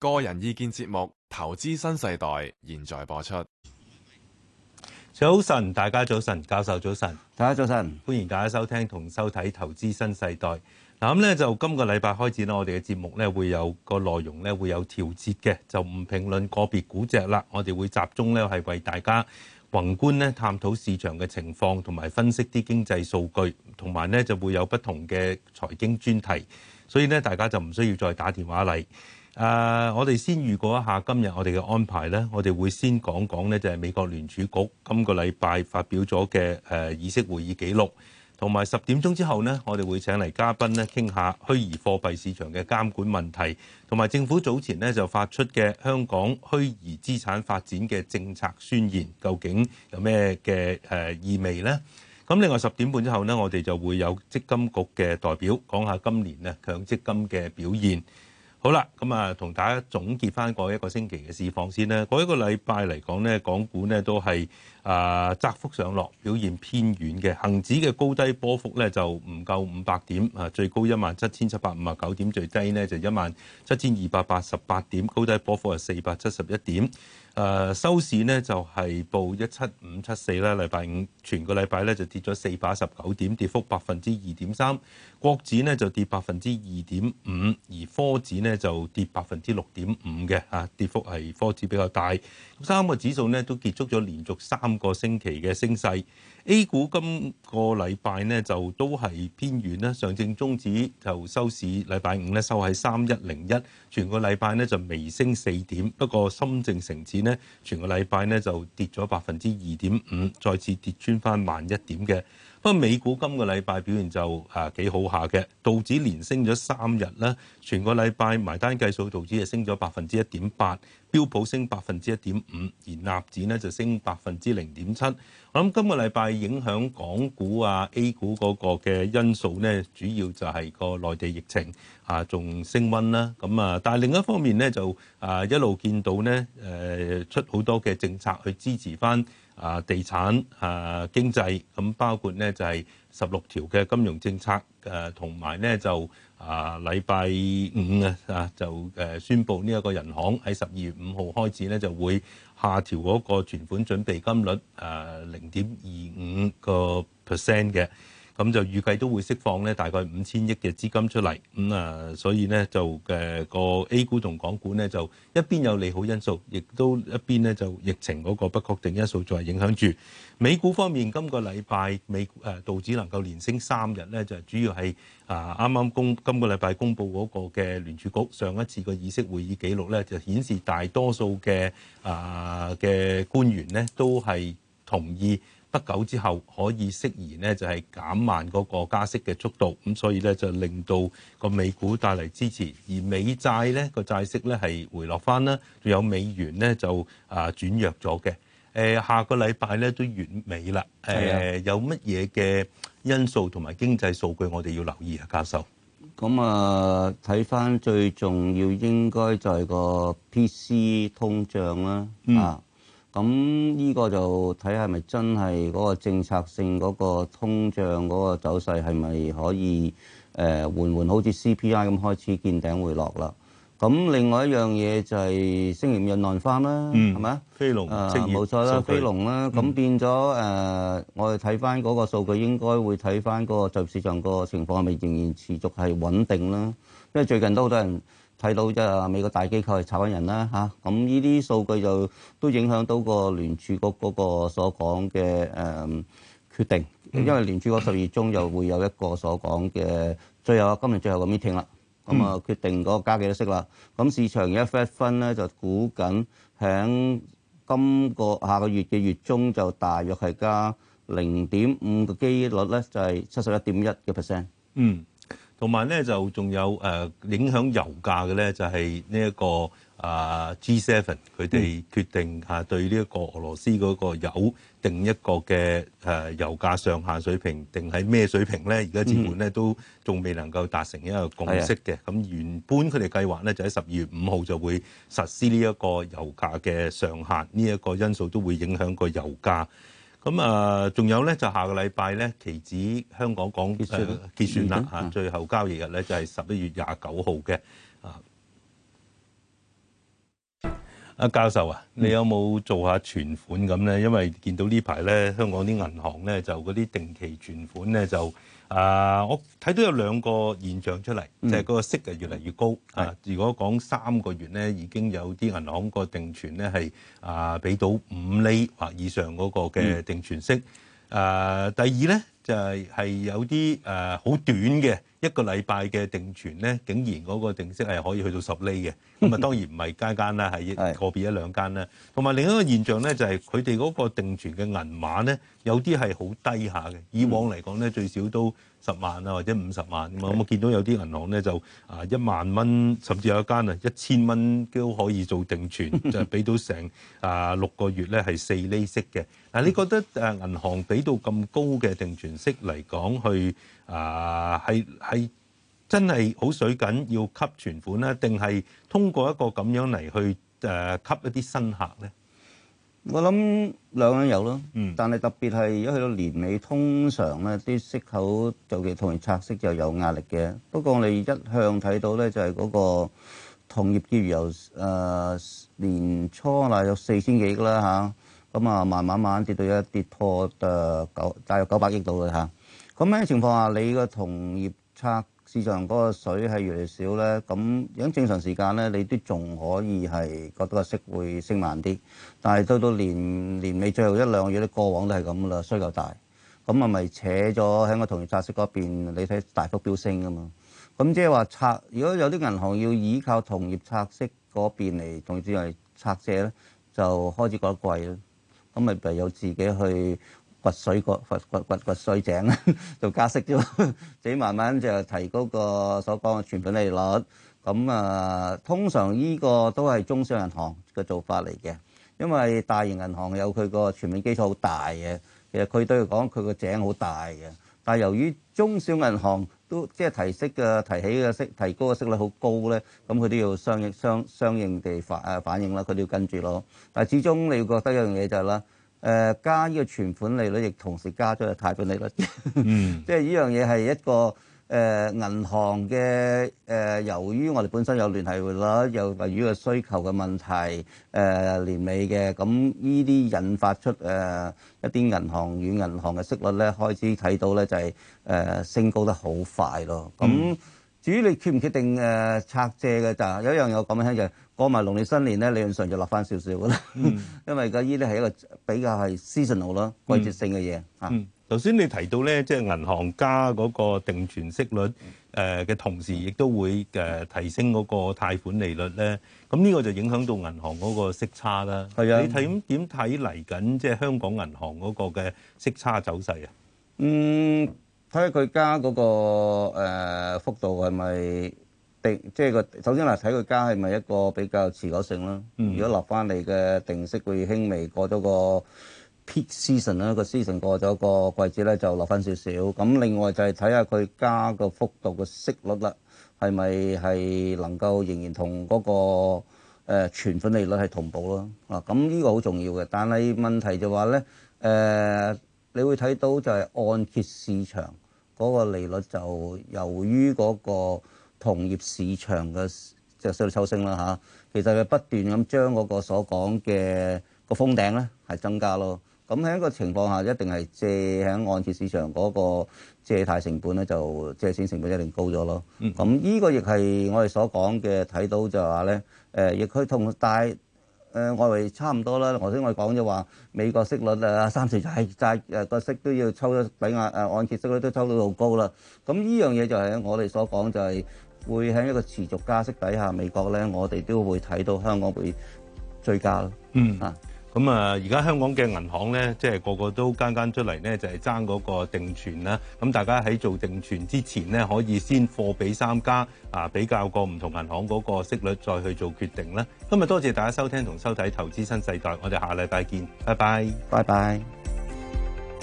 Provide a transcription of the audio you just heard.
個人意見節目《投資新世代》現在播出。早晨，大家早晨，教授早晨，大家早晨，歡迎大家收聽同收睇《投資新世代》。嗱咁咧，就今個禮拜開始咧，我哋嘅節目咧會有個內容咧會有調節嘅，就唔評論個別股隻啦。我哋會集中咧係為大家宏觀咧探討市場嘅情況，同埋分析啲經濟數據，同埋咧就會有不同嘅財經專題。所以咧，大家就唔需要再打電話嚟。誒，uh, 我哋先預告一下今日我哋嘅安排呢，我哋會先講講呢，就係美國聯儲局今個禮拜發表咗嘅誒議息會議記錄，同埋十點鐘之後呢，我哋會請嚟嘉賓呢傾下虛擬貨幣市場嘅監管問題，同埋政府早前呢就發出嘅香港虛擬資產發展嘅政策宣言，究竟有咩嘅誒意味呢？咁另外十點半之後呢，我哋就會有積金局嘅代表講下今年呢強積金嘅表現。好啦，咁啊，同大家總結翻個一個星期嘅市況先啦。嗰一個禮拜嚟講咧，港股咧都係啊窄幅上落，表現偏軟嘅。恒指嘅高低波幅咧就唔夠五百點啊，最高一萬七千七百五十九點，最低咧就一萬七千二百八十八點，高低波幅係四百七十一點。誒收市呢就係報一七五七四啦，禮拜五全個禮拜咧就跌咗四百一十九點，跌幅百分之二點三。國指呢就跌百分之二點五，而科指呢就跌百分之六點五嘅嚇，跌幅係科指比較大。三個指數呢都結束咗連續三個星期嘅升勢。A 股今個禮拜呢就都係偏軟啦，上證綜指就收市禮拜五咧收喺三一零一，全個禮拜呢就微升四點。不過深證成指呢，全個禮拜呢就跌咗百分之二點五，再次跌穿翻萬一點嘅。不過美股今個禮拜表現就啊幾好下嘅，道指連升咗三日啦，全個禮拜埋單計數道指係升咗百分之一點八。標普升百分之一點五，而納指咧就升百分之零點七。我諗今個禮拜影響港股啊、A 股嗰個嘅因素咧，主要就係個內地疫情啊，仲升溫啦。咁啊，但係另一方面咧，就啊一路見到咧，誒出好多嘅政策去支持翻啊地產啊經濟，咁、啊、包括咧就係、是。十六條嘅金融政策誒，同埋咧就啊禮拜五啊就誒、啊、宣布呢一個人行喺十二月五號開始咧就會下調嗰個存款準備金率誒零點二五個 percent 嘅。啊咁就預計都會釋放咧，大概五千億嘅資金出嚟。咁啊，所以咧就嘅個 A 股同港股咧就一邊有利好因素，亦都一邊咧就疫情嗰個不確定因素在影響住。美股方面，今個禮拜美誒道指能夠連升三日咧，就主要係啊啱啱公今個禮拜公佈嗰個嘅聯儲局上一次個議息會議記錄咧，就顯示大多數嘅啊嘅官員咧都係同意。不久之後可以適宜咧，就係減慢嗰個加息嘅速度，咁所以咧就令到個美股帶嚟支持，而美債咧個債息咧係回落返啦，仲有美元咧就啊轉弱咗嘅。誒下個禮拜咧都月尾啦，誒的、呃、有乜嘢嘅因素同埋經濟數據我哋要留意啊，教授。咁啊，睇返最重要應該就係個 PCE 通脹啦，啊、嗯。咁呢個就睇下係咪真係嗰個政策性嗰個通脹嗰個走勢係咪可以誒、呃、緩緩好似 CPI 咁開始見頂回落啦。咁另外一樣嘢就係星期五弱難翻啦，係咪啊？非農啊，冇錯啦，非農啦。咁變咗誒、呃，我哋睇翻嗰個數據，應該會睇翻嗰個就業市場個情況係咪仍然持續係穩定啦。因為最近都好多人。睇到即係美國大機構係炒緊人啦嚇，咁呢啲數據就都影響到個聯儲局嗰個所講嘅誒決定。嗯嗯、因為聯儲局十二月中又會有一個所講嘅最後今年最後個 meeting 啦，咁啊決定嗰加幾多息啦。咁市場而家 Fed Fund 咧就估緊喺今個下個月嘅月中就大約係加零點五個基率咧，就係七十一點一嘅 percent。嗯。同埋咧就仲有誒影響油價嘅咧，就係呢一個啊 G7 佢哋決定嚇對呢一個俄羅斯嗰個油定一個嘅誒油價上限水平定喺咩水平咧？而家似乎咧都仲未能夠達成一個共識嘅。咁原本佢哋計劃咧就喺十二月五號就會實施呢一個油價嘅上限。呢一個因素都會影響個油價。咁啊，仲、呃、有咧就下個禮拜咧，期指香港港期指、呃、結算啦，期指最後交易日咧就係十一月廿九號嘅啊。阿教授啊，你有冇做下存款咁咧？因為見到呢排咧，香港啲銀行咧就嗰啲定期存款咧就啊，我睇到有兩個現象出嚟，就係嗰個息係越嚟越高。係，如果講三個月咧，已經有啲銀行個定存咧係啊，俾到五厘或以上嗰個嘅定存息。誒，第二咧就係係有啲誒好短嘅。一個禮拜嘅定存咧，竟然嗰個定息係可以去到十厘嘅，咁啊當然唔係間間啦，係個別一兩間啦。同埋 另一個現象咧，就係佢哋嗰個定存嘅銀碼咧，有啲係好低下嘅。以往嚟講咧，最少都十萬啊，或者五十萬啊。咁 我見到有啲銀行咧就啊一萬蚊，甚至有一間啊一千蚊都可以做定存，就係俾到成啊六個月咧係四厘息嘅。嗱、啊，你覺得誒銀行俾到咁高嘅定存息嚟講去？啊，係係、uh, 真係好水緊，要吸存款咧，定係通過一個咁樣嚟去誒、呃、吸一啲新客咧？我諗兩樣有咯，嗯，但係特別係一去到年尾，通常咧啲息口就，尤其同業拆息就有壓力嘅。不過我哋一向睇到咧就係、是、嗰個同業結餘由誒、呃、年初嗱有四千幾億啦嚇，咁啊、嗯、慢、慢慢慢跌到一跌破誒九，大概九百億到嘅嚇。啊咁咩情況下你個同業拆市場嗰個水係越嚟越少咧？咁喺正常時間咧，你都仲可以係覺得個息會升慢啲。但係到到年年尾最後一兩個月，啲過往都係咁噶啦，需求大。咁啊咪扯咗喺個同業拆息嗰邊，你睇大幅飆升噶嘛？咁即係話拆，如果有啲銀行要依靠同業拆息嗰邊嚟，總之係拆借咧，就開始覺得貴啦。咁咪咪有自己去。掘水掘掘掘掘水井啦， 就加息啫 自己慢慢就提高個所講嘅存款利率。咁啊，通常呢個都係中小銀行嘅做法嚟嘅，因為大型銀行有佢個存款基礎好大嘅，其實佢都要講佢個井好大嘅。但係由於中小銀行都即係提息嘅、提起嘅息、提高嘅息率好高咧，咁佢都要相應相相應地反誒反應啦，佢都要跟住咯。但係始終你要覺得一樣嘢就係啦。誒、呃、加呢個存款利率，亦同時加咗貸款利率。 嗯、即係呢樣嘢係一個誒、呃、銀行嘅誒、呃，由於我哋本身有聯繫啦，又由於個需求嘅問題誒、呃、年尾嘅，咁呢啲引發出誒、呃、一啲銀行與銀行嘅息率咧，開始睇到咧就係、是、誒、呃、升高得好快咯。咁、嗯、至於、嗯、你決唔決定誒拆、呃、借嘅就有一樣嘢我講俾你聽就是。過埋農曆新年咧，理論上就落翻少少噶啦，因為嗰啲咧係一個比較係 seasonal 咯，季節性嘅嘢嚇。嗯，頭先你提到咧，即係銀行加嗰個定存息率，誒嘅同時亦都會誒提升嗰個貸款利率咧，咁呢個就影響到銀行嗰個息差啦。係啊，你睇點睇嚟緊即係香港銀行嗰個嘅息差走勢啊？嗯，睇下佢加嗰個誒幅度係咪？定即係個首先嗱，睇佢加係咪一個比較持久性啦。嗯、如果落翻嚟嘅定息會輕微過咗個 peak season 啦，個 season 過咗個季節咧就落翻少少。咁另外就係睇下佢加個幅度嘅息率啦，係咪係能夠仍然同嗰、那個、呃、存款利率係同步咯？啊，咁呢個好重要嘅。但係問題就話咧誒，你會睇到就係按揭市場嗰、那個利率就由於嗰、那個。同業市場嘅即係息率抽升啦吓，其實佢不斷咁將嗰個所講嘅個封頂咧係增加咯。咁喺一個情況下，一定係借喺按揭市場嗰個借貸成本咧，就借錢成本一定高咗咯。咁呢個亦係我哋所講嘅，睇到就係話咧，誒亦都同大誒外圍差唔多啦。頭先我哋講咗話美國息率啊三四債債誒個息都要抽咗底，壓誒按揭息率都抽到好高啦。咁呢樣嘢就係我哋所講就係、是。會喺一個持續加息底下，美國咧，我哋都會睇到香港會追加咯。嗯，啊，咁啊，而家香港嘅銀行咧，即係個個都間間出嚟咧，就係爭嗰個定存啦。咁大家喺做定存之前咧，可以先貨比三家，啊，比較過唔同銀行嗰個息率，再去做決定啦。今日多謝大家收聽同收睇《投資新世代》，我哋下禮拜見，拜拜，拜拜。